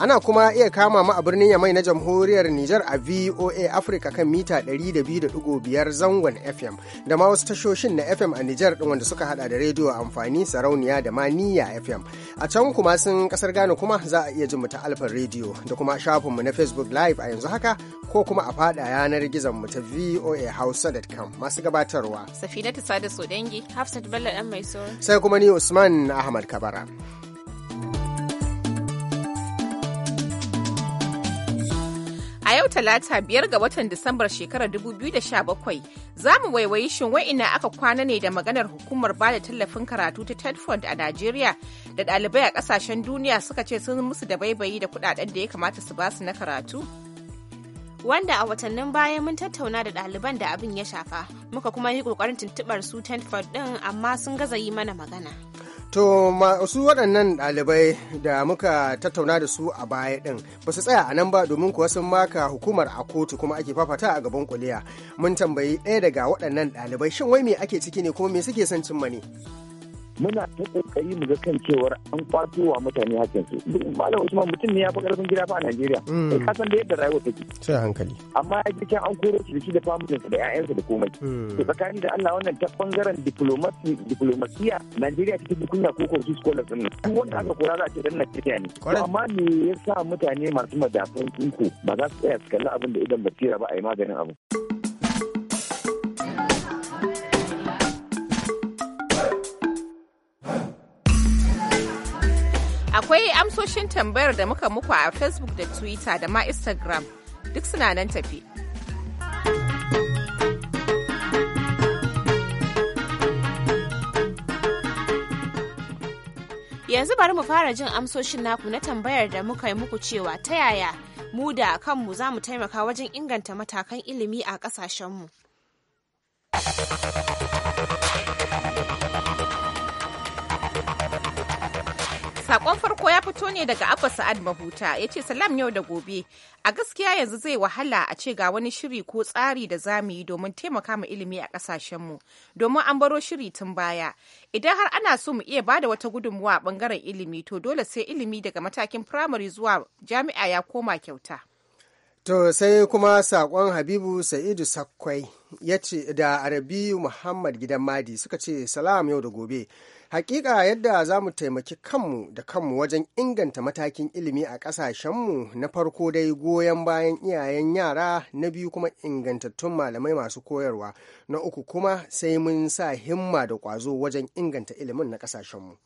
Ana kuma iya kama mu a birnin Yamai na jamhuriyar Nijar a VOA Africa kan mita 200.5 zangon FM da ma wasu tashoshin na FM a Nijar ɗin wanda suka hada da rediyo amfani sarauniya da maniya FM. A can kuma sun kasar Ghana kuma za a iya jin mu ta alfan rediyo da kuma shafin mu na Facebook Live a yanzu haka ko kuma a fada yanar gizon mu ta voahausa.com masu gabatarwa. Safina ta sada so dangi Hafsat Bello dan mai Sai kuma ni Usman Ahmad Kabara. yau talata biyar ga watan Disambar shekarar 2017 za mu waiwayi shin wa'ina aka kwana ne da maganar hukumar ba da tallafin karatu ta Tedford a Najeriya da ɗalibai a ƙasashen duniya suka ce sun musu da baibayi da kuɗaɗen da ya kamata su basu na karatu. wanda a watannin baya mun tattauna da ɗaliban da abin ya shafa muka kuma yi ƙoƙarin tuntuɓar su Tedford ɗin amma sun gaza yi mana magana. To masu waɗannan ɗalibai da muka tattauna da su a baya ɗin ba su tsaya a nan ba domin kuwa sun maka hukumar a kotu kuma ake fafata a gaban kuliya. Mun tambayi ɗaya daga waɗannan ɗalibai shin wai me ake ciki ne kuma me suke son cimma ne? muna ta kokari mu ga kan cewar an kwato wa mutane hakkin su malam usman mutum ne ya fi karfin gida fa a najeriya mm. kai ka san da yadda rayuwa take sai hankali amma ya ji an koro shi da shi da familinsa da ƴaƴansa da komai mm. to tsakani da Allah wannan ta bangaren diplomacy diplomasiya najeriya take da kunya ko ko su scholar din duk wanda aka kora za a ce dan najeriya ne amma me yasa mutane masu madafun iko ba za su tsaya su kalli abin da idan basira ba a yi maganin abu. Akwai amsoshin tambayar da muka muku a Facebook da Twitter da ma Instagram duk suna nan tafi. Yanzu bari mu fara jin amsoshin naku na tambayar da muka yi muku cewa ta yaya mu da kanmu za mu taimaka wajen inganta matakan ilimi a ƙasashenmu. Sakon farko ya fito ne daga Abba Sa'ad Mahuta ya ce salam yau da gobe. A gaskiya yanzu zai wahala a ce ga wani shiri ko tsari da za mu yi domin taimaka mu ilimi a ƙasashenmu, domin an baro shiri tun baya. Idan har ana so mu iya bada wata gudunmuwa a ɓangaren ilimi, to dole sai ilimi daga matakin firamare zuwa jami'a ya koma kyauta. To sai kuma sakon Habibu Sa'idu Sakwai ya ce da Arabi Muhammad Gidan Madi suka ce salam yau da gobe. Hakika yadda za mu taimaki kanmu da kanmu wajen inganta matakin ilimi a ƙasashenmu na farko dai goyon bayan iyayen yara na biyu kuma ingantattun malamai masu koyarwa na uku kuma sai mun sa himma da ƙwazo wajen inganta ilimin na ƙasashenmu.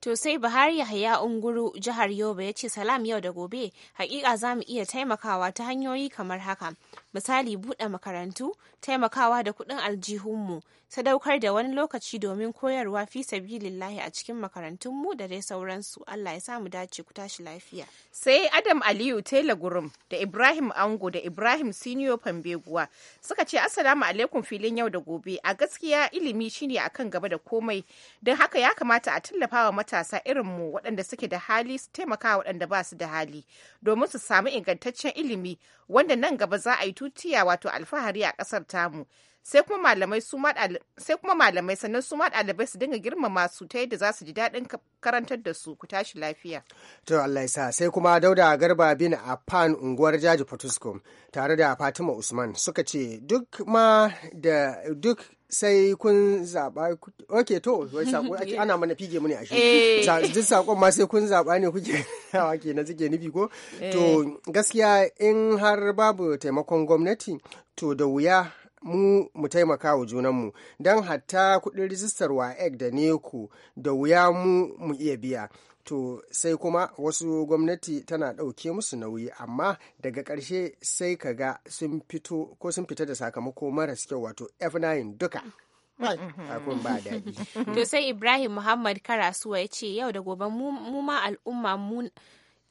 To sai Buhari Yahaya Unguru jihar Yobe ya ce salam yau da gobe hakika za mu iya taimakawa ta hanyoyi kamar haka. misali buɗe makarantu taimakawa da kuɗin aljihunmu sadaukar da wani lokaci domin koyarwa fi sabilillahi a cikin makarantunmu da dai sauransu allah ya samu dace ku tashi lafiya sai adam aliyu tela gurum da ibrahim ango da ibrahim sinio pambeguwa suka ce assalamu alaikum filin yau da gobe a gaskiya ilimi shine a kan gaba da komai don haka ya kamata a tallafawa matasa irin mu waɗanda suke da hali su taimakawa waɗanda ba su da hali domin su samu ingantaccen ilimi wanda nan gaba za a yi tutiya wato alfahari a ƙasar tamu sai kuma malamai sannan su ma ɗalibai su dinga girmama su ta yadda za su ji daɗin karantar da su ku tashi lafiya. To Allah ya sa sai kuma Dauda Garba bin Afan unguwar Jaji Potuskum tare da Fatima Usman suka ce duk ma da duk sai kun zaba. ok to wai sako ana mana fige mu ne a shi eh. duk sakon ma sai kun zaba ne kuke hawa ke na zike nufi ko eh. to gaskiya in har babu taimakon gwamnati to da wuya mu mu taimaka wa junanmu don hatta kuɗin rijistar wa egg da neko da wuya mu mu iya biya to sai kuma wasu gwamnati tana ɗauke musu nauyi amma daga ƙarshe sai ka ga sun fito ko sun fita da sakamako maras kyau wato f9 duka abun ba daɗi. To sai Ibrahim Muhammad Karasuwa ya ce yau da gobe mu ma al'umma mu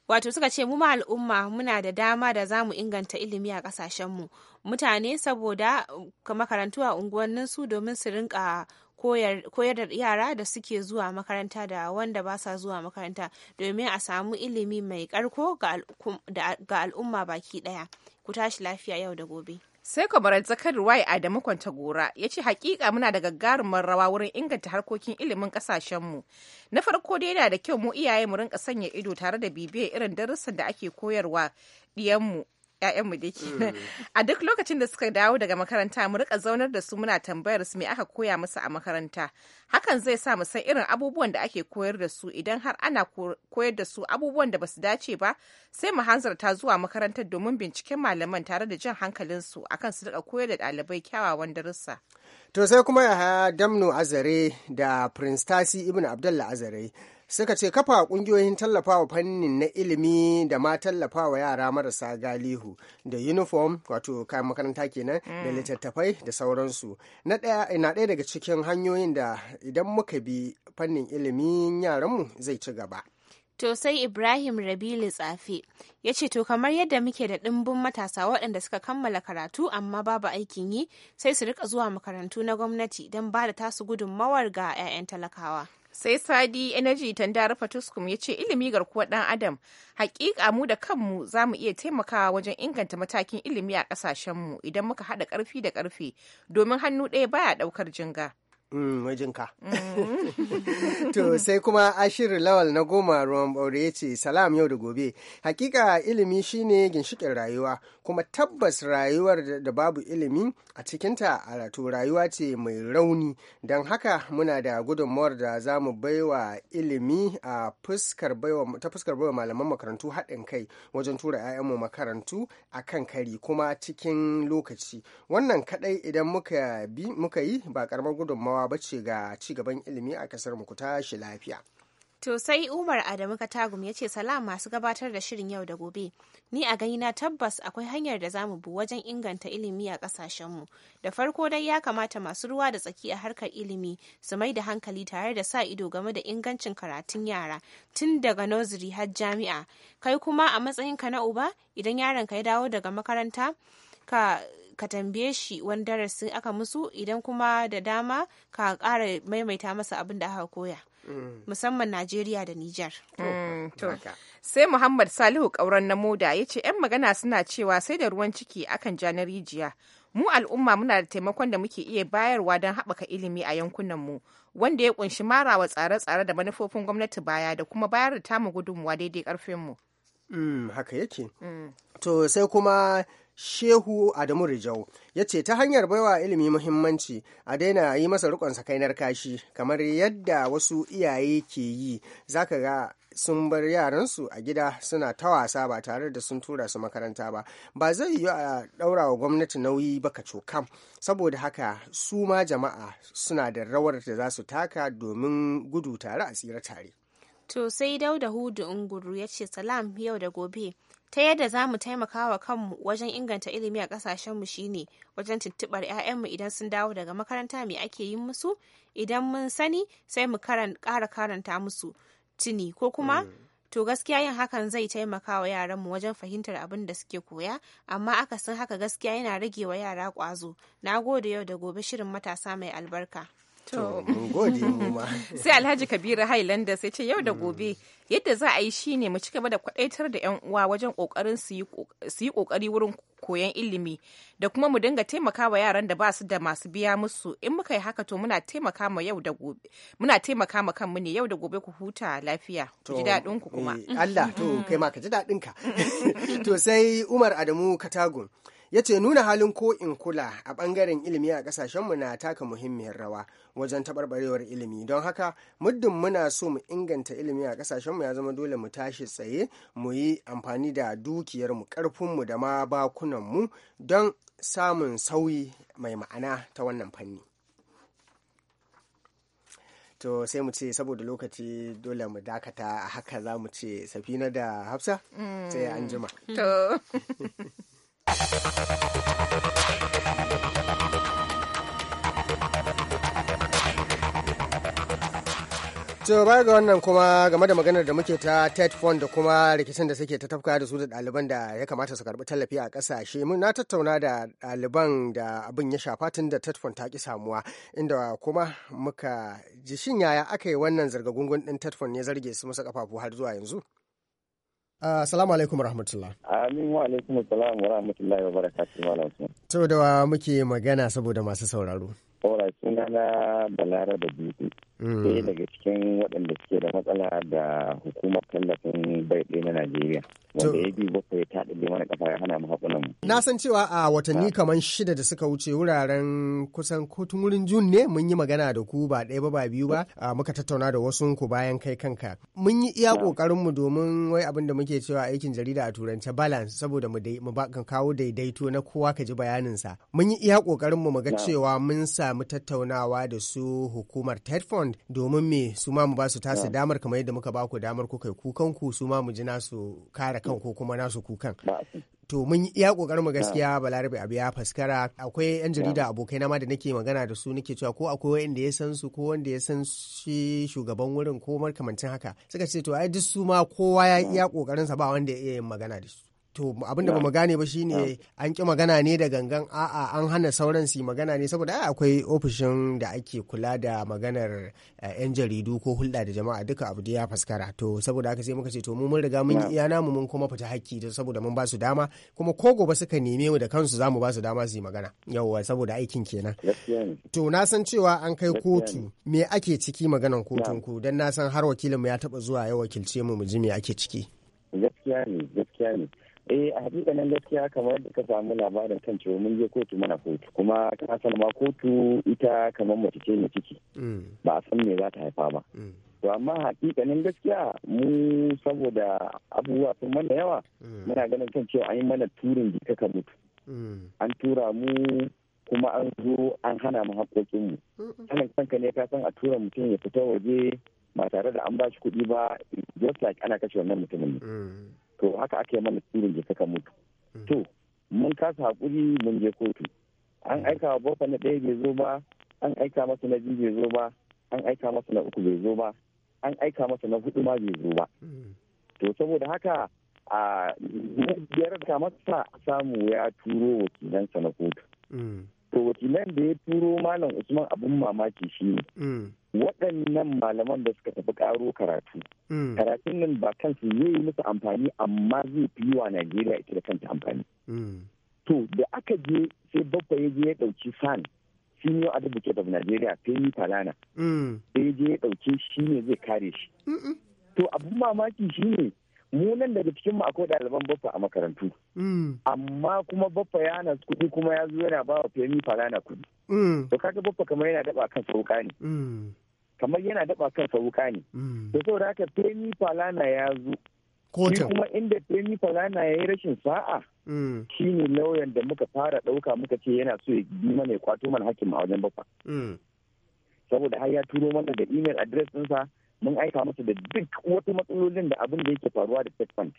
wato suka ce mu ma al'umma muna da dama da za mu inganta ilimi a ƙasashenmu mutane saboda makarantu a unguwanninsu domin su rinka koyar da yara da suke zuwa makaranta da wanda ba sa zuwa makaranta domin a samu ilimi mai karko ga al'umma baki daya ku tashi lafiya yau da gobe sai kwamarar zakar wai adamu kwantagora ya ce hakika muna da gagarumar rawa wurin inganta harkokin ilimin kasashenmu na farko dai yana da kyau mu iyaye mu rinka sanya ido tare da bibiyar irin darussan da ake koyarwa diyanmu 'ya'yanmu da ke mm. a duk lokacin da suka dawo daga makaranta mu rika zaunar da su muna tambayar su me aka koya musu a makaranta hakan zai sa mu san irin abubuwan da ake koyar da su idan har ana koyar da su abubuwan da basu dace ba sai mu hanzarta zuwa makarantar domin binciken malaman tare da jan hankalin su akan su rika koyar da ɗalibai kyawawan darussa to sai kuma ya damno azare da prince tasi ibn abdullah azare suka ce kafa kungiyoyin tallafawa fannin na ilimi da ma tallafawa yara marasa galihu da uniform wato kayan makaranta kenan da mm. littattafai da sauransu na ɗaya na ɗaya daga cikin hanyoyin da idan muka bi fannin ilimin yaranmu zai ci gaba To sai Ibrahim Rabilu Tsafe ya ce to kamar yadda muke da ɗimbin matasa waɗanda suka kammala karatu amma babu aikin yi sai su rika zuwa makarantu na gwamnati don ba da tasu gudunmawar ga 'ya'yan talakawa. sai sadi energy tandar fatuskum ya ce ilimi garkuwar dan adam hakika mu da kanmu za mu iya taimakawa wajen inganta matakin ilimi a kasashenmu idan muka haɗa ƙarfi da ƙarfe domin hannu ɗaya baya ɗaukar jinga majinka. Mm, mm. to sai kuma ashirin lawal na goma ruwan ɓaure ya ce salam yau da gobe. Hakika ilimi shine ginshikin rayuwa kuma tabbas rayuwar da babu ilimi a cikinta a to rayuwa ce mai rauni don haka muna da gudunmawar da za mu baiwa ilimi a fuskar baiwa ta fuskar baiwa malaman makarantu haɗin kai wajen tura 'ya'yanmu makarantu a kan kari kuma cikin lokaci wannan kaɗai idan muka yi ba karamar gudunmawa ba ce ga ci gaban ilimi a kasar mu ku tashi lafiya. To sai Umar Adamu Katagum ya ce salam masu gabatar da shirin yau da gobe. Ni a gani na tabbas akwai hanyar da zamu bi wajen inganta ilimi a kasashenmu. Da farko dai ya kamata masu ruwa da tsaki a harkar ilimi su mai da hankali tare da sa ido game da ingancin karatun yara tun daga nursery har jami'a. Kai kuma a matsayinka na uba idan yaronka ya dawo daga makaranta ka ka tambaye shi wani darasin aka musu idan kuma da dama ka ƙara maimaita masa abin da aka koya mm. musamman Najeriya da Nijar. Mm, sai Muhammad Salihu ƙauren na moda ya ce 'yan magana suna cewa sai da ruwan ciki akan ja na rijiya. Mu al'umma muna da taimakon da muke iya bayarwa don haɓaka ilimi a yankunanmu, wanda ya ƙunshi marawa tsare-tsare da manufofin gwamnati baya da kuma bayar da tamu gudunmuwa daidai ƙarfinmu. Mm, haka yake. To sai kuma Shehu Adamu Rijau ya ce ta hanyar baiwa ilimi muhimmanci a daina yi masa rikon sakainar kashi kamar yadda wasu iyaye ke yi zaka ga sun bar yaransu a gida suna ta wasa ba tare da sun tura su makaranta ba ba zai yi a ɗaura wa gwamnati nauyi ba ka cokam saboda haka su ma jama'a suna da rawar da za su taka domin gudu tare a tsira tare to sai dauda hudu unguru ya ce salam yau da gobe ta yadda za mu taimaka wa kanmu wajen inganta ilimi a ƙasashenmu shine wajen tuntuɓar 'ya'yanmu idan sun dawo daga makaranta me ake yi musu idan mun sani sai mu ƙara karanta musu tuni ko kuma mm. to gaskiya yin hakan zai taimaka wa yaranmu wajen fahimtar abin da suke koya amma akasin haka gaskiya yana rage wa yara ƙwazo na gode yau da gobe shirin matasa mai albarka Sai Alhaji Kabiru Highlanders sai ce yau da gobe yadda za a yi shi ne mu cigaba da kwadaitar da 'yan uwa wajen kokarin su yi kokari wurin koyon ilimi da kuma mu dinga taimaka wa yaran da ba su da masu biya musu in muka yi haka to muna taimaka ma yau da muna taimaka ma kanmu ne yau da gobe ku huta lafiya ku ji daɗin ku kuma eh, Allah to kai ma ka ji daɗin ka to sai Umar Adamu Katagun ya ce nuna halin ko in kula a bangaren ilimi a mu na taka muhimmiyar rawa wajen taɓarɓarewar ilimi don haka muddin muna so mu inganta ilimi a mu ya zama dole mu tashi tsaye mu yi amfani da dukiyarmu ƙarfinmu da ma bakunanmu don samun sauyi mai ma'ana ta wannan fanni. to sai mu ce saboda lokaci dole mu dakata haka za mu ce safina da hafsa sai an jima to baya ga wannan kuma game da maganar da muke ta ted da kuma rikicin da suke ta tafka da su da ɗaliban da ya kamata su karɓi tallafi a ƙasashe mun na tattauna da ɗaliban da abin ya shafa tun da ted ta ki samuwa inda kuma muka ji shin yaya aka yi wannan zargagungun ɗin ted fund ya zarge su masa kafafu har zuwa yanzu Assalamu alaikum rahmatullah. Amin wa alaikum assalam wa rahmatullahi wa barakatuh malam Usman. saboda wa muke magana saboda masu sauraro ora suna na da dutse sai mm. daga cikin waɗanda suke da matsala da hukumar tallafin bai na najeriya wanda ya biyu bakwai ya taɗa mana kafa ya hana mu haƙunan mu na san cewa a watanni ah. kamar shida da suka wuce wuraren kusan kotun wurin jun ne mun yi magana da ku ba ɗaya ba ba biyu ba muka tattauna da wasu ku bayan kai kanka mun yi iya ƙoƙarin mu domin wai abin da muke cewa aikin jarida a turance balance saboda mu kawo daidaito na kowa ka ji bayanin tsakaninsa mun yi iya kokarin mu ga cewa mun samu tattaunawa da su hukumar ted fund domin me su ma mu ba su tasu damar kamar yadda muka ba ku damar kuka kukan ku su ma mu ji nasu kare kan ko kuma nasu kukan to mun yi iya kokarin mu gaskiya balarabe abu ya faskara akwai yan jarida abokai na ma da nake magana da su nake cewa ko akwai wanda ya san su ko wanda ya san shi shugaban wurin ko makamancin haka suka ce to ai duk su ma kowa ya iya kokarin sa ba wanda ya iya yin magana da su to abinda ba mu gane ba ne an ki magana ne da gangan a'a an hana sauran su magana ne saboda ai akwai ofishin da ake kula da maganar yan eh, jaridu ko hulɗa da jama'a duka abu da ya faskara to saboda haka sai muka ce to mu mun riga mun iya namu mun kuma fita hakki to saboda mun ba su dama kuma ko gobe suka neme mu da kansu zamu ba su dama su yi magana yawwa saboda aikin kenan to na san cewa an kai kotu me ake ciki maganan kotun ku dan na san har wakilinmu ya taba zuwa ya wakilce mu mu ji me ake ciki gaskiya ne gaskiya ne eh a nan gaskiya kamar da ka samu labarin kan cewa mun je kotu mana kotu kuma ka san ma kotu ita kamar mace ce mai ciki mm. ba a san me za ta haifa ba mm. to amma hakikanin gaskiya mu saboda abubuwa sun mana yawa mm. muna ganin kan cewa an yi mana turin jika ka mutu an tura mu kuma an zo an hana mu haƙoƙinmu sanin kanka ne ka san a tura mutum ya fita waje ba tare da an ba shi kuɗi ba just like ana kashe wannan mutumin ne to haka aka mana tsirin da suka mutu hmm. to mun kasa hakuri mun je kotu an hmm. aika wa bofa na ɗaya bai zo ba an aika masa na biyu bai zo ba an aika masa na uku bai zo ba an aika masa na hudu ma bai zo ba hmm. to saboda haka a yarda masa samu ya turo wakilansa na kotu to wakilan da ya turo malam usman abin mamaki shi ne waɗannan malaman da suka tafi karo karatu hmm. karatun nan ba kansu zai yi musu amfani amma zai fi wa najeriya ita da kanta amfani hmm. to da aka je sai babba ya je ya ɗauki fan senior advocate of nigeria femi falana hmm. sai ya je ya ɗauke shi ne zai kare shi to abin mamaki shi ne mu nan daga cikin mu akwai ɗaliban baffa a makarantu amma kuma baffa ya hana kuɗi kuma ya zo yana ba wa femi falana kuɗi to kaga baffa kamar yana daba kan sauka ne kamar yana daba kansa wuka ne mm. da da haka femi falana ya zo shi kuma inda femi falana ya yi rashin sa'a mm. shi ne lauyan da muka fara ɗauka muka ce yana so ya yi mana ya kwato mana hakkin a wajen bafa mm. saboda har ya turo mana da email address ɗinsa mun aika masa da duk wata matsalolin da abin da yake faruwa da checkpoint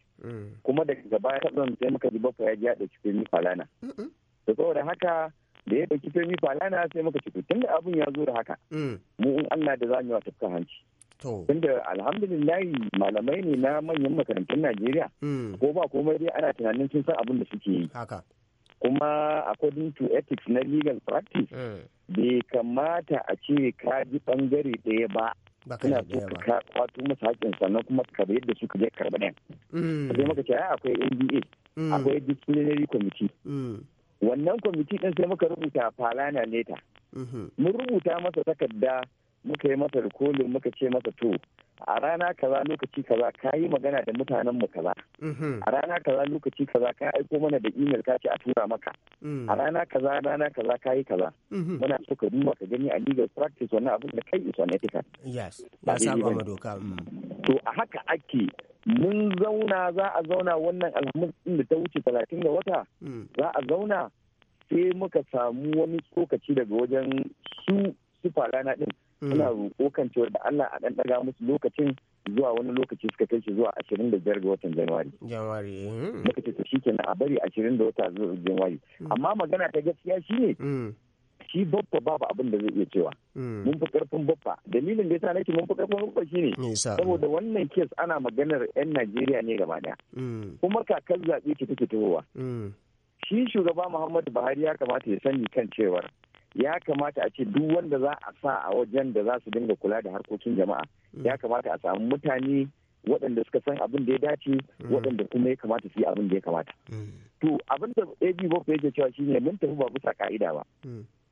kuma daga baya sai muka ji bafa ya ji ya ɗauki falana da saboda haka da ya ɗauki femi falana sai muka ci tun da abun ya zo da haka mm. mu in Allah da za mu yi tafka hanci tunda alhamdulillahi malamai ne na manyan makarantun Najeriya mm. ko ba komai dai ana tunanin sun san abin da suke yi kuma according to ethics na legal practice mm. bai kamata a ce ka ji bangare ɗaya ba suna so ka kwato masa haƙƙin sannan kuma ka bayar da su ka je karɓa ɗayan. Sai maka ce akwai NDA akwai disciplinary committee wannan kwamiti ɗin sai muka rubuta falana neta mun rubuta masa takarda muka yi masa rikolin muka ce masa to a rana kaza lokaci kaza ka yi magana da mutanen mu kaza mm-hmm. a rana kaza lokaci kaza ka aiko mana da imel ka ce a tura maka mm. a rana kaza rana kaza ka yi kaza mm-hmm. muna so ka duba ka gani a legal practice wannan abin da kai is unethical yes ya saba ma doka mm. to a haka ake mun zauna za a zauna wannan alhamis din da ta wuce talatin da wata mm. za a zauna sai muka samu wani tsokaci daga wajen su sufa rana din suna mm. roƙo kan cewa da Allah a ɗanɗaga musu lokacin zuwa wani lokaci suka kai shi zuwa ashirin da biyar ga watan Januari. Januari. Mm. Muka ce shi kenan a bari ashirin da wata zuwa Januari. Mm. Amma magana ta gaskiya shi ne. Shi babba babu abin da zai iya cewa. Mun fi karfin babba. Dalilin da ya sa nake mun fi karfin babba shi ne. Saboda wannan kes ana maganar 'yan Najeriya ne gaba ɗaya. Kuma kakar zaɓe ce take tahowa. Shi shugaba Muhammadu Buhari ya kamata ya sani kan cewar ya kamata a ce duk wanda za a sa a wajen da za su dinga kula da harkokin jama'a mm. ya kamata a samu mutane waɗanda suka san abin da ya dace mm. waɗanda kuma ya kamata su yi abin da ya kamata mm. to abin da ab boko yake cewa shine mun tafi ba bisa ka'ida ba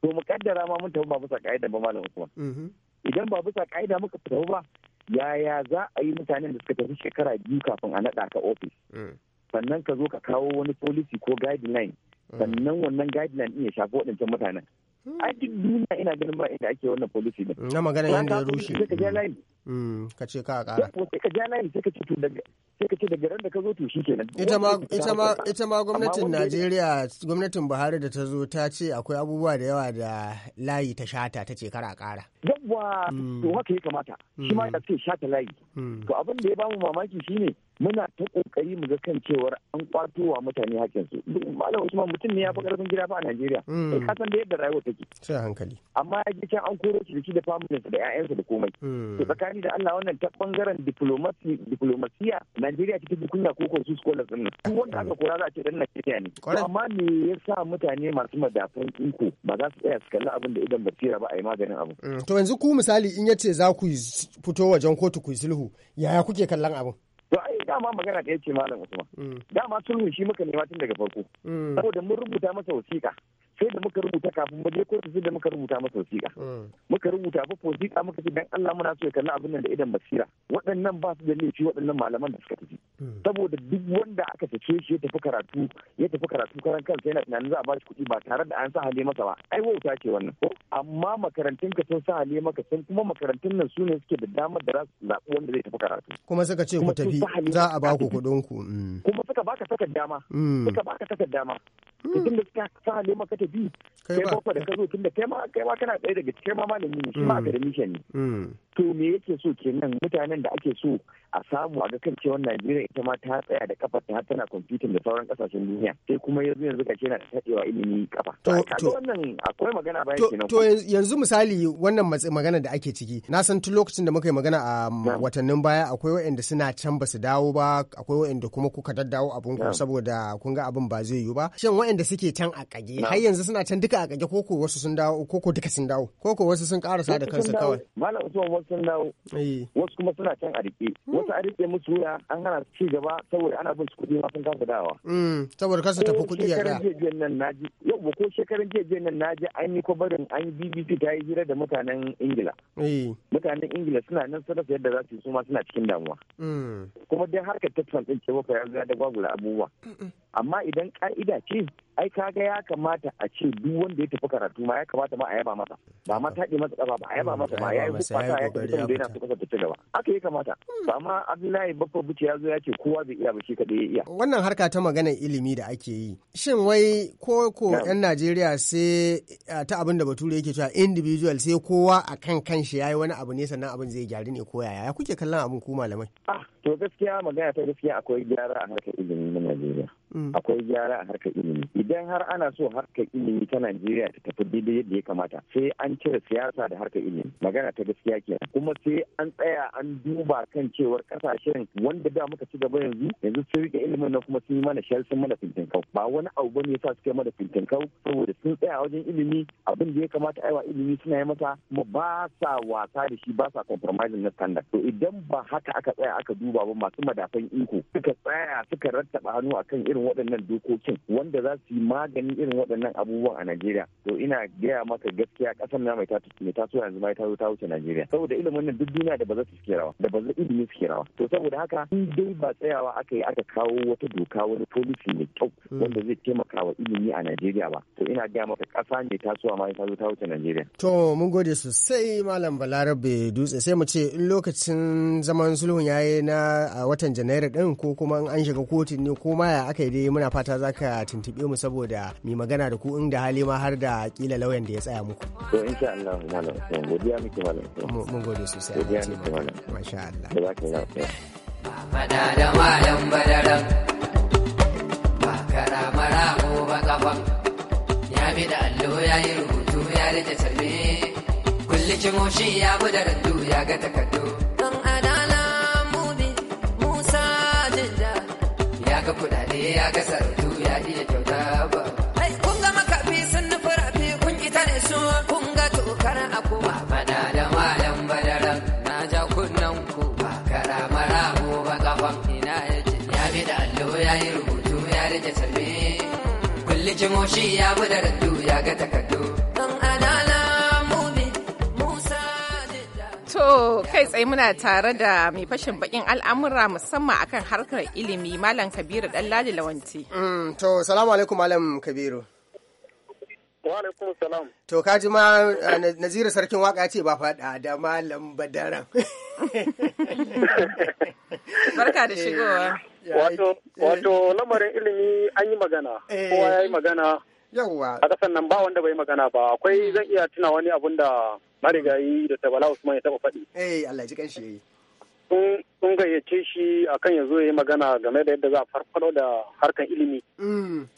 to mu kaddara ma mun tafi ba bisa ka'ida ba malam usman mm-hmm. idan ba bisa ka'ida muka tafi ba yaya za a yi mutanen da suka tafi shekara biyu kafin a naɗa ka ofis sannan ka zo ka kawo wani policy ko guideline sannan wannan guideline in ya shafi waɗancan mutanen a ina ganin inda ake wannan policy din na magana ya rushe ka mm, ka ce ka kara ita ma gwamnatin Najeriya gwamnatin Buhari da ta zo ta ce akwai abubuwa da yawa da layi ta shata ta ce kara kara yawwa to mm. haka ya kamata shi ma mm. ya ce shata layi to abin da ya bamu mamaki shine muna ta kokari mu ga kan cewar an kwato wa mutane hakkin su malam usman mutum ne ya fi karfin gida ba a najeriya mm. kai ka san da yadda rayuwa take sai hankali amma ya ji can an koro shi da shi da family sa da ƴaƴan sa da komai mm. to tsakani da Allah wannan ta bangaren diplomacy diplomasiya najeriya take da kunya ko su scholars din nan wanda aka kora za a ce dan najeriya ne amma me yasa mutane masu madafan iko ba za su tsaya su kalli abin da idan ba tsira ba a yi maganin abu mm. to yanzu ku misali in yace za ku fito wajen kotu ku yi sulhu yaya kuke kallon abin to ai dama magana ta yace malam Usman mm. dama sulhu shi muka nema tun daga farko mm. saboda mun rubuta masa wasiƙa sai da muka rubuta kafin mu je kotu sai da muka rubuta masa wasiƙa mm. muka rubuta fa wasiƙa muka ce dan Allah muna so ya kalli abin nan da idan basira waɗannan ba su da laifi waɗannan malaman da suka tafi mm. saboda duk wanda aka tace shi ya tafi karatu ya tafi karatu karan kansa yana tunanin za a bashi kuɗi ba tare da an sa hale masa ba ai wauta ce wannan ko amma makarantun ka sun sa hale maka sun kuma makarantun nan su ne suke da damar da za su zaɓi wanda zai tafi karatu kuma suka ce ku tafi za a ba ku kuɗin ku mm. kuma suka baka takardama suka baka takardama Ka hmm. tun da ka sa kai ba da ka zo tun da kai ma kana ɗaya daga cikin ma malami ne shi ma hmm. ne hmm. to me yake so kenan mutanen da ake so a samu a ga kan cewa Najeriya ita ma ta tsaya da kafa ta tana kwamfutin da sauran kasashen duniya sai kuma yanzu yanzu ka ce na ilimi kafa to to wannan akwai magana kenan to yanzu misali wannan magana da ake ciki na san tun lokacin da muka yi magana a watannin baya akwai waɗanda suna can ba su dawo ba akwai waɗanda kuma kuka daddawo abun ku saboda kun ga abin ba zai yiwu ba shin waɗanda suke can a kage har yanzu suna can duka a kage koko wasu sun dawo koko duka sun dawo koko wasu sun karasa da kansu kawai malam wasu wasu sun dawo eh. wasu kuma suna can a rike hmm. wasu a rike musu wuya an hana su ci gaba saboda ana bin su kuɗi ma sun kasa dawa hmm, saboda kansu tafi kuɗi ya ga nan yau ba ko shekaran jiya nan naji an yi kwabarin an yi BBC ta yi hira da mutanen Ingila eh. mutanen Ingila suna nan sun rasa yadda za su yi su ma suna cikin damuwa hmm. kuma dai harkar tattalin ɗin ce ya da gwagula abubuwa amma idan ka'ida ce ai kaga ya kamata a ce duk wanda ya tafi karatu ma ya kamata ma a yaba masa ba ma taɗe masa ƙafa ba a yaba masa ba ya yi ta ya tafi da yana so da ta gaba haka ya kamata hmm. ma Abdullahi Baffa Buce ya zo ya ce kowa bai iya ba shi kaɗai ya iya wannan harka ta magana ilimi da ake yi shin wai ko ko yan Najeriya sai eh, ta abin da Bature yake cewa individual sai kowa a kan kanshi yi wani abu ne sannan abin zai gyaru ne ko yaya kuke kallon abin ku malamai ah, to gaskiya magana ta gaskiya akwai gyara a harkar ilimi na Najeriya Mm. akwai gyara a harkar ilimi idan har ana so harkar ilimi ta najeriya ta tafi daidai yadda ya kamata sai an cire siyasa da harkar ilimi magana ta gaskiya ke. kuma sai an tsaya an duba kan cewar kasashen wanda da muka ci gaba yanzu yanzu sun rike ilimin na kuma sun yi mana shar sun mana fintinkau ba wani abu ba ne yasa suka yi mana fintinkau saboda sun tsaya wajen ilimi abin da ya kamata aiwa ilimi suna yi masa kuma ba sa wasa da shi ba sa compromising na standard to idan ba haka aka tsaya aka duba ba masu madafan iko suka tsaya suka rattaba hannu akan irin waɗannan dokokin wanda za su yi maganin irin waɗannan abubuwan a Najeriya to ina gaya maka gaskiya ƙasar na mai tatu yanzu ma tatu ta wuce Najeriya saboda ilimin nan duk duniya da ba za su suke rawa da ba za ilimi suke rawa to saboda haka in dai ba tsayawa aka yi aka kawo wata doka wani policy mai kyau hmm. wanda zai taimaka wa ilimi a Najeriya ba to ina gaya maka ƙasa ne tatu ma ta zo ta wuce Najeriya to mun gode sosai malam Balarabe Dutse sai mu ce in lokacin zaman sulhun yayi na watan Janairu din ko kuma an shiga kotun ne ko ma ya aka yi dai muna fata za ka tuntuɓe mu saboda mai magana da ku inda hali ma har da kila lauyan da ya tsaya muku. To insha Allah malam mu godiya miki malam Mun gode sosai. Godiya miki malam. Masha Allah. Da zaki na Ba fada da malam badaran ba kara mara ko ba kafan ya bi da allo ya yi rubutu ya rike tarbe kullikin hoshi ya bi da ya ga takardu. ga kudade ya ga sardu ya iya kyauta ba. Kun ga makafi sun nufi rafi kun ita da su kun ga tokar a kuma fada da malam badaran na ja kunnan ku ba kara mara ko ba kafan ina ya ce. ya bi da allo ya yi rubutu ya rike sarbe. Kulli jimoshi ya bi da randu ya ga takardu. kai tsaye muna tare da mai fashin bakin al'amura musamman akan harkar ilimi Malam Kabiru dan Ladi Lawanti. Mm, to salamu alaikum Malam Kabiru. To ka ji ma eh, Naziru sarkin waka ce ba fada da Malam Badaran. Barka da shigowa. Eh, wato lamarin ilimi an yi magana, eh. kowa ya yi magana. Yawwa. A kasan nan ba wanda bai magana ba akwai hmm. zan iya tuna wani abun da marigayi hmm. da bala Usman ya taba faɗi. Eh Allah ji kanshi yayi. Sun gayyace shi akan ya zo ya yi magana game da yadda za a farfado da harkan ilimi. Hmm.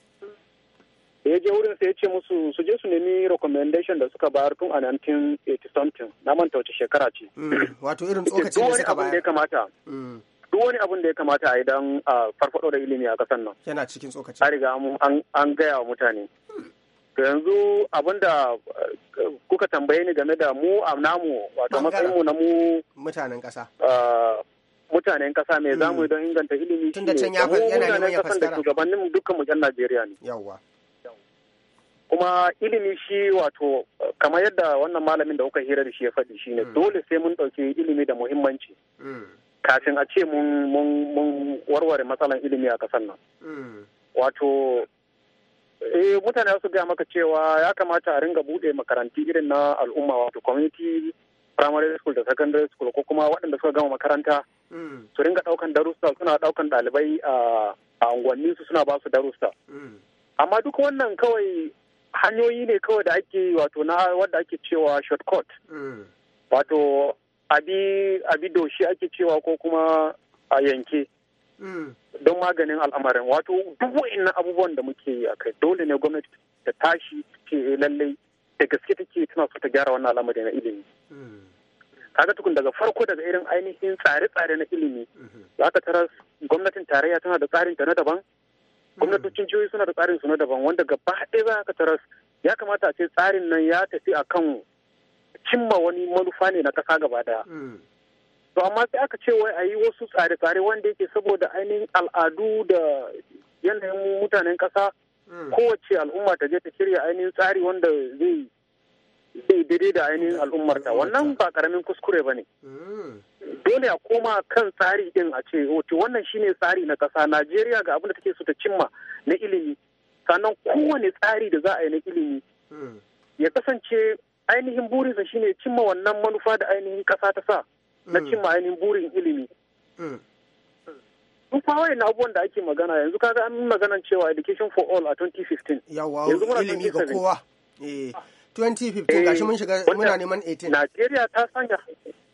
da ya je wurin sai ya ce musu su je su nemi recommendation da suka bayar tun a 1980 something na manta wace shekara ce wato irin tsokacin da suka bayar ya kamata duk wani abin da ya kamata a yi don farfado da ilimi a ƙasar nan yana cikin tsokaci a riga an gaya wa mutane to yanzu abin da eh, kuka tambaye ni game da mu a namu wato matsayinmu na mu mutanen ƙasa eh, mutanen kasa me za mu hmm. don inganta ilimi shi ne mutanen ƙasan da shugabannin dukkan mu yan Najeriya ne yawwa kuma ilimi shi wato kamar yadda wannan malamin da kuka hira da shi ya faɗi shi ne hmm. dole sai mun ɗauki ilimi da muhimmanci hmm. kafin a ce mun warware matsalan ilimi a ƙasar nan hmm. wato eh mutane su gaya maka cewa ya kamata a ringa buɗe makaranti irin na al'umma wato community primary school da secondary school ko kuma waɗanda suka gama makaranta hmm. su ringa ɗaukan darussa suna ɗaukan ɗalibai a unguwanni su suna ba su darussa hmm. amma duk wannan kawai hanyoyi ne kawai da ake wato na wadda ake cewa shortcut wato abi doshi ake cewa ko kuma a yanke hmm. don maganin al'amarin wato duk na abubuwan da muke yi a kai dole ne gwamnati ta tashi ke eh, lallai da gaske take tana so ta gyara wannan al'amari na ilimi hmm. kaga tukun daga farko daga irin ainihin tsare-tsare na ilimi hmm. za ka tara gwamnatin tarayya tana da tsarin ta na daban gwamnatocin jihohi suna da tsarin su na daban wanda gaba ɗaya za ka tara ya kamata a ce tsarin nan ya tafi akan cimma wani manufa ne na kasa gaba daya. Hmm. To amma sai aka ce wai a yi wasu tsare-tsare wanda yake saboda ainihin al'adu da yanayin mutanen ƙasa hmm. kowace al'umma ta je ta shirya ainihin tsari wanda zai zai daidai da ainihin al'ummar ta wannan ba karamin kuskure ba ne. Hmm. Dole a koma kan tsari din a ce wato oh, wannan shine tsari na ƙasa Najeriya ga abin da take so ta cimma na ilimi sannan kowane tsari da za a yi na ilimi ya kasance ainihin burinsa shine cimma wannan manufa da ainihin ƙasa ta sa na mm. cimma ainihin burin ilimi. Mm. Duk ma wayan abubuwan da ake magana yanzu kaga an maganan cewa education for all a 2015. Yawa ilimi ga kowa. 2015 eh, gashi mun shiga eh, muna neman 18. Najeriya ta sanya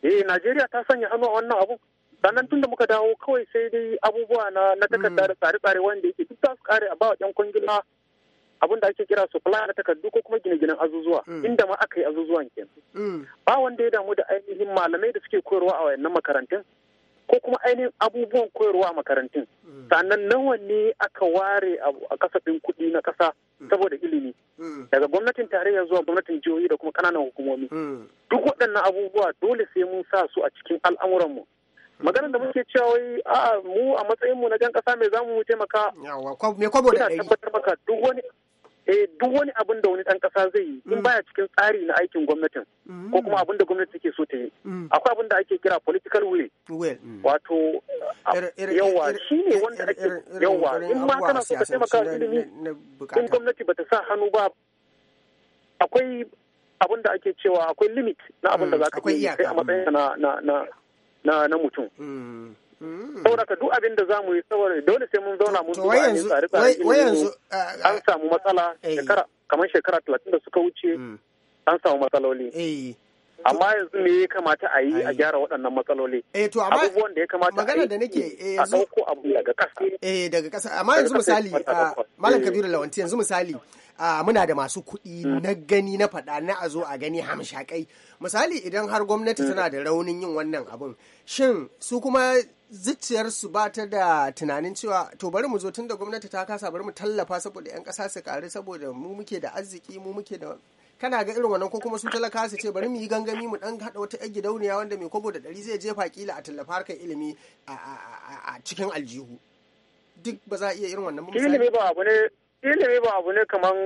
eh Najeriya ta sanya hannu a wannan abu. sannan tun da muka dawo kawai sai dai abubuwa na na takarda mm. da tsare-tsare wanda yake duk ta su kare a ba yan kwangila abin da ake kira supply na takardu ko kuma gine-ginen azuzuwa mm. inda ma aka yi azuzuwan ke mm. ba wanda ya damu da ainihin malamai da suke koyarwa a wayannan makarantun ko kuma ainihin abubuwan koyarwa a makarantun mm. sannan nawa ne aka ware a kasafin kuɗi na kasa saboda ilimi daga gwamnatin tarayya zuwa gwamnatin jihohi da kuma ƙananan hukumomi duk waɗannan abubuwa dole sai mun sa su a cikin al'amuranmu maganar da muke cewa wai a mu a matsayin mu na jan kasa mai zamu mu taimaka me kwabo da tabbatar maka duk wani eh duk wani abin da wani dan kasa zai yi in mm. baya cikin tsari na aikin gwamnatin mm. ko kuma abin da gwamnati take so ta yi mm. akwai abin da ake kira political will wato yawa ne wanda ake yawa in ma kana so ka taimaka ilimi in gwamnati bata sa hannu ba akwai abin da ake cewa akwai limit na abin da za ka yi kai a matsayin na na na mutum Mm. saboda ka duk abin da za mu yi saboda dole sai mun zauna mun duba an tsari tsare an samu matsala shekara kamar shekara talatin da suka wuce mm. an samu matsaloli amma yanzu me ya kamata a yi a gyara waɗannan matsaloli abubuwan da ya kamata a yi eh, a ɗauko abu daga ƙasa eh daga ƙasa amma yanzu misali malam eh. kabiru lawanti yanzu misali muna da masu kuɗi mm. na gani na faɗa na a zo a gani hamshakai misali idan har gwamnati tana da raunin yin wannan abun shin su kuma zuciyarsu ba ta da tunanin cewa to bari mu zo tun da gwamnati ta kasa bari mu tallafa saboda 'yan ƙasa su ƙari saboda mu muke da arziki mu muke da kana ga irin wannan ko kuma su talaka su ce bari mu yi gangami mu dan hada wata yar gidauniya wanda mai kwabo da ɗari zai jefa kila a tallafa harkar ilimi a cikin aljihu duk ba za a iya irin wannan misali ilimi ba abu ne ilimi ba abu ne kaman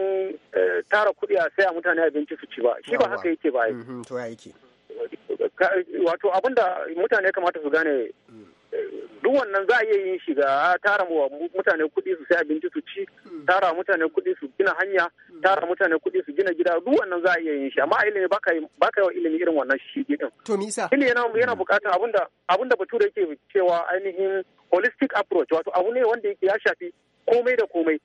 eh, tara kuɗi a sai a mutane abinci su ci ba shi ba haka yake ba mm-hmm, to ya yake wato abinda mutane kamata su gane mm. duk wannan za a iya yin shi ga tara mutane kuɗi su sai abinci su ci hmm. tara mutane kuɗi su gina hanya hmm. tara mutane kuɗi su gina gida duk wannan za a iya yin shi amma ilimi baka baka yawa ilimi irin wannan shi gidan. to nisa ilimi yana yana hmm. bukatar abinda abinda bature yake cewa ainihin holistic approach wato abu ne wanda yake ya shafi komai da komai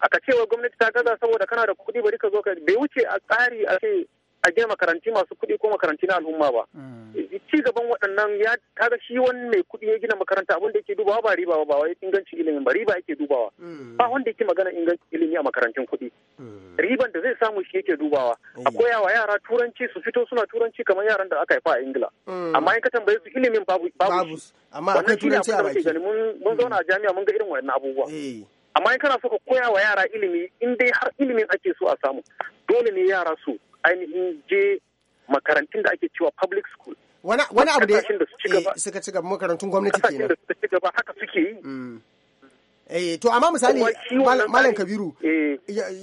aka cewa gwamnati ta gaza saboda kana da kuɗi bari ka zo ka bai wuce a tsari a ce a gina makaranti masu kuɗi ko makaranti na al'umma ba mm. ci gaban waɗannan ya kaga shi wani mai kuɗi ya gina makaranta abin da yake dubawa ba riba ba wai inganci ilimin ba riba yake dubawa mm. ba wanda yake magana ingancin ilimi a makarantun kuɗi mm. riban da zai samu shi yake dubawa a koya wa yara turanci su fito suna turanci kamar yaran da aka haifa a ingila amma in ka tambaye su ilimin babu babu amma akwai turanci a baki mun zauna a jami'a mun ga irin waɗannan abubuwa eh. amma in kana so ka koya wa yara ilimi in dai har ilimin ake so a samu dole ne yara su ainihin je makarantun da ake cewa public school wani abu da eh, suka ci gaba makarantun gwamnati kenan da suka ci gaba haka suke yi mm. Eh, to amma misali malam Kabiru eh.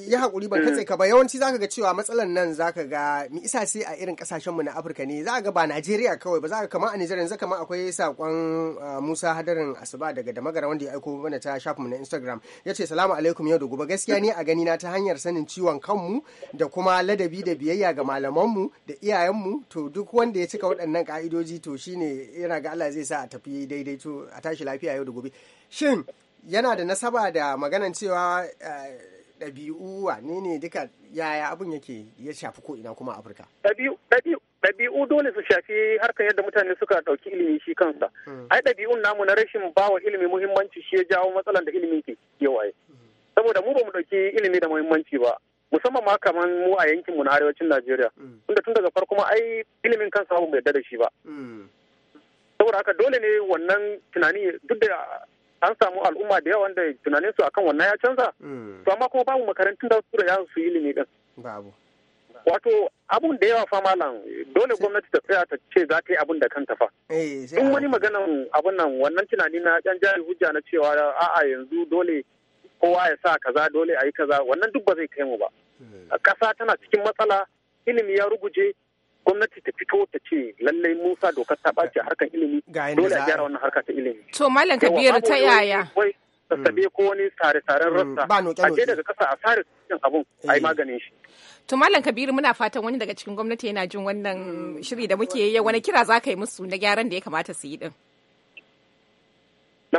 ya haƙuri ban mm. katse ka ba yawanci zaka ga cewa matsalan nan zaka ga mi isa sai a irin kasashen mu na Afirka ne zaka ga ba Najeriya kawai ba zaka kama a Najeriya zaka kamar akwai sakon Musa Hadarin Asuba daga Damagara wanda ya aiko mana ta shafin mu na Instagram yace salamu alaikum yau da gobe gaskiya ne a gani na ta hanyar sanin ciwon kanmu da kuma ladabi da biyayya ga mu da iyayenmu to duk wanda ya cika waɗannan ka'idoji to shine yana ga Allah zai sa a tafi daidai to a tashi lafiya yau da gobe shin yana da nasaba da maganan cewa eh, ɗabi'u wane ne duka yaya abin yake ya shafi ko ina kuma afirka ɗabi'u dole su shafi harkar yadda mutane suka ɗauki ilimi shi kansa hmm. ai ɗabi'un namu na rashin bawa ilimi muhimmanci shi ya jawo matsalar da ilimi ke kewaye saboda mu ba mu ɗauki ilimi da muhimmanci ba musamman ma kamar mu a yankin mu na arewacin najeriya hmm. tunda tun daga farko ma ai ilimin kansa ba mu yarda da shi ba hmm. saboda haka dole ne wannan tunani duk da an samu al'umma da yawa wanda tunanin su akan wannan ya canza hmm. to amma kuma babu makarantun da su da su ilimi din babu wato abun da yawa fama lan dole gwamnati ta tsaya ta ce za ta yi abun da kanta fa eh, in wani maganan abun nan wannan tunani na yan jari hujja na cewa a'a yanzu dole kowa ya sa kaza dole a yi kaza wannan duk ba zai kai mu ba hmm. ƙasa tana cikin matsala ilimi ya ruguje gwamnati ta fito ta ce lallai musa dokar ta ɓace harkar ilimi dole a gyara wannan harka ta ilimi. to malam kabiru ta yaya. sabe ko wani sare-saren mm, rasta a je daga kasa a sare cikin abun a yi eh. maganin shi. To Malam Kabiru muna fatan wani daga cikin gwamnati yana jin wannan mm. shiri da muke yi wani kira za ka yi musu na gyaran da ya kamata su yi din.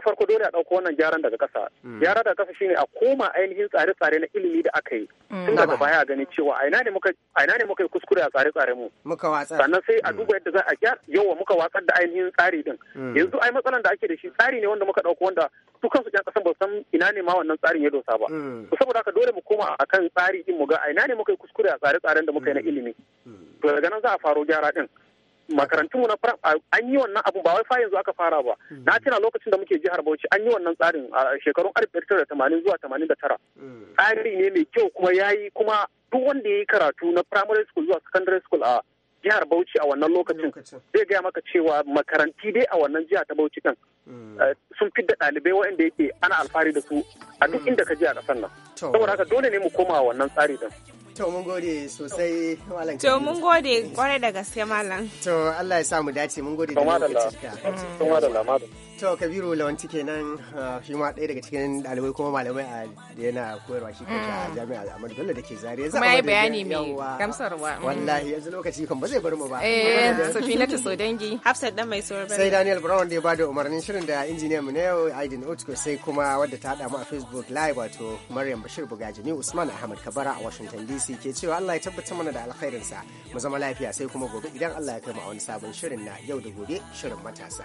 farko dole a ɗauko wannan gyaran daga ƙasa mm. gyara daga ƙasa shine a koma ainihin tsare-tsare na ilimi da aka yi mm. tun daga baya a ganin cewa a ina ne muka yi kuskure a tsare-tsare mu muka watsar sannan sai a mm. duba yadda za a gyara yawa muka watsar da ainihin tsari din yanzu ai matsalan da ake da shi tsari ne wanda muka ɗauko wanda su kansu ƴan ƙasan ba san ina ne ma wannan tsarin ya dosa ba saboda haka dole mu koma a kan tsari din mu ga a ina ne muka yi kuskure a tsare-tsaren da muka yi na ilimi to daga nan za a faro gyara din makarantun mu na an yi wannan abu ba wai fa yanzu aka fara ba hmm. na tuna lokacin da muke jihar Bauchi an yi wannan tsarin a shekarun 1980 zuwa 89 hmm. tsari ne mai kyau kuma yayi kuma duk wanda ya yi karatu na primary school zuwa secondary school a jihar Bauchi a wannan lokacin zai gaya maka cewa makaranti dai a wannan jiha ta Bauchi kan hmm. eh, sun fidda ɗalibai waɗanda yake ana alfahari da su a duk inda ka je a ƙasar nan saboda haka dole ne mu koma wannan tsari din To mun gode sosai malam. To mun gode kwarai da gaske malam. To Allah ya samu dace mun gode da lokacinka. To madalla to kabiru lawanci kenan shi ma ɗaya daga cikin ɗalibai kuma malamai a yana koyarwa shi a mm. jami'a Ahmadu Bello da ke Zaria za a yi bayani mai gamsarwa mm. wallahi yanzu lokaci kan ba zai bar mu ba eh so Sodangi Hafsat dan mai sorbar sai Daniel Brown da ya bada umarnin shirin da injiniya mu ne Aidin Otko sai kuma wadda ta hada mu a Facebook live wato Maryam Bashir Bugaji ni Usman Ahmad Kabara a Washington DC ke cewa Allah ya tabbatar mana da sa mu zama lafiya sai kuma gobe idan Allah ya kai mu a wani sabon shirin na yau da gobe shirin matasa